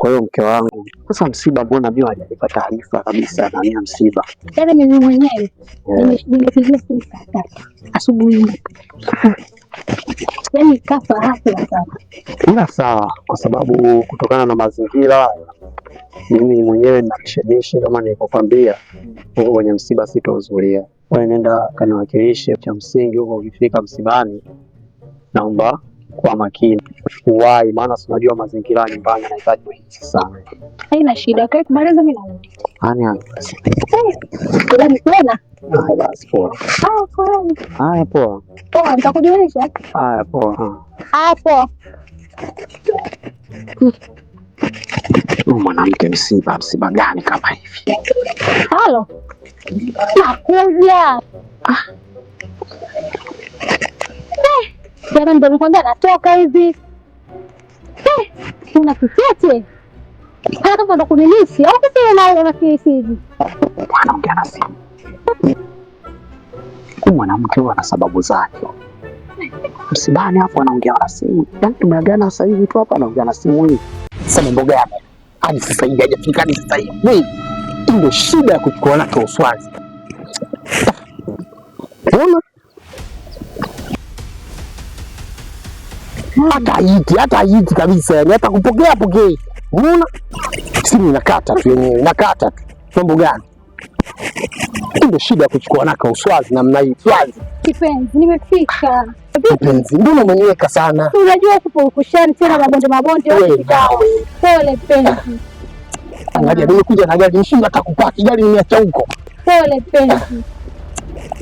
Kwa hiyo mke wangu sasa, msiba mbona mimi hajanipa taarifa kabisa, na mimi msiba tena yaani mimi mwenyewe eh. nimefikia asubuhi, yani kafa hapo sana. Ila sawa, kwa sababu kutokana na mazingira mimi mwenyewe namshemishi, kama nilivyokwambia huko kwenye msiba sitohudhuria. Wewe nenda kaniwakilishe, cha msingi huko ukifika msibani, naomba kwa makini uwai, maana unajua mazingira ya nyumbani yanahitaji mahisi sana. Haina shida, kae kumaliza, mimi narudi. kuna ah, Haya, poa. Poa, nitakujulisha. Haya, poa. Haya, ah, poa. Mwanamke, msiba msiba gani kama hivi? Halo, nakuja. Ah. Jana ndio nikwambia natoka hivi. Una kifiche? Hata kama ndo kunilisi au kisema na una kifiche hivi. Mwanamke ana simu. Mwanamke ana sababu zake. Msibani hapo anaongea na simu. Yaani tumeagana sasa hivi tu hapa anaongea na simu hii. Sasa mambo gani? Ani sasa hivi hajafika ni sasa hivi. ndio shida ya kukuona kwa uswazi. hata iti hata iti kabisa, yani hata kupokea pokei. Unaona simu inakata tu yenyewe inakata tu, mambo gani? Ndio shida ya kuchukua naka uswazi namna hii. Swazi kipenzi, nimefika kipenzi, mbona umeniweka sana? Unajua huko ukushani tena mabonde mabonde, pole penzi. Angalia nimekuja na gari, nishinda hata kupaki gari, nimeacha huko. Pole penzi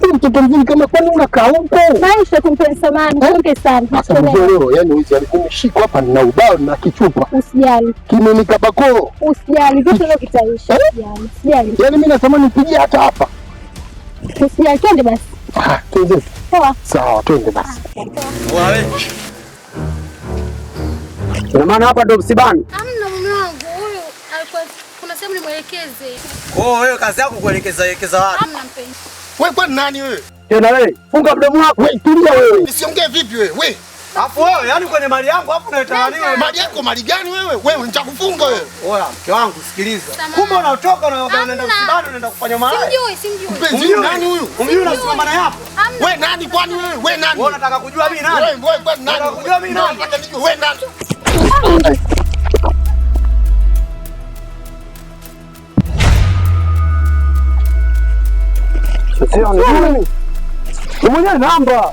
wewe mtoto mzuri kama kwani unakaa huko? Maisha kumpeni samani, asante sana. Sasa mzee, yani hizi alikumshika hapa na ubao na kichupa. Usijali. Kimenika bako. Usijali, vitu leo kitaisha. Eh? Usijali. Yaani mimi natamani nipige hata hapa. Usijali, twende basi. Ah, twende. Sawa. Sawa, twende basi. Ah, Wawe. Kwa maana hapa ndo msibani. Hamna mume wangu huyu alikuwa kuna sehemu nimwelekeze. Kwa oh, hiyo wewe kazi yako kuelekeza elekeza wapi? Hamna mpenzi. Wewe kwa nani wewe? Tena wewe, funga mdomo wako. Tulia wewe. Nisiongee vipi wewe? Wewe. Alafu wewe, yaani kwenye mali yangu hapo unaita nini? Mali yako mali gani wewe? Wewe nitakufunga wewe. Oya, mke wangu sikiliza. Kumbe unatoka unaenda msibani unaenda kufanya mali. Simjui, simjui. Mpenzi nani huyu? Umjui unasimama naye hapo? Wewe nani kwani wewe? Wewe nani? Wewe unataka kujua mimi nani? Wewe wewe kwani nani? Unataka kujua mimi nani? Wewe nani? Sio mwenye namba.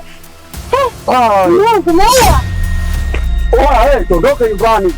Ah, ni nyumbani.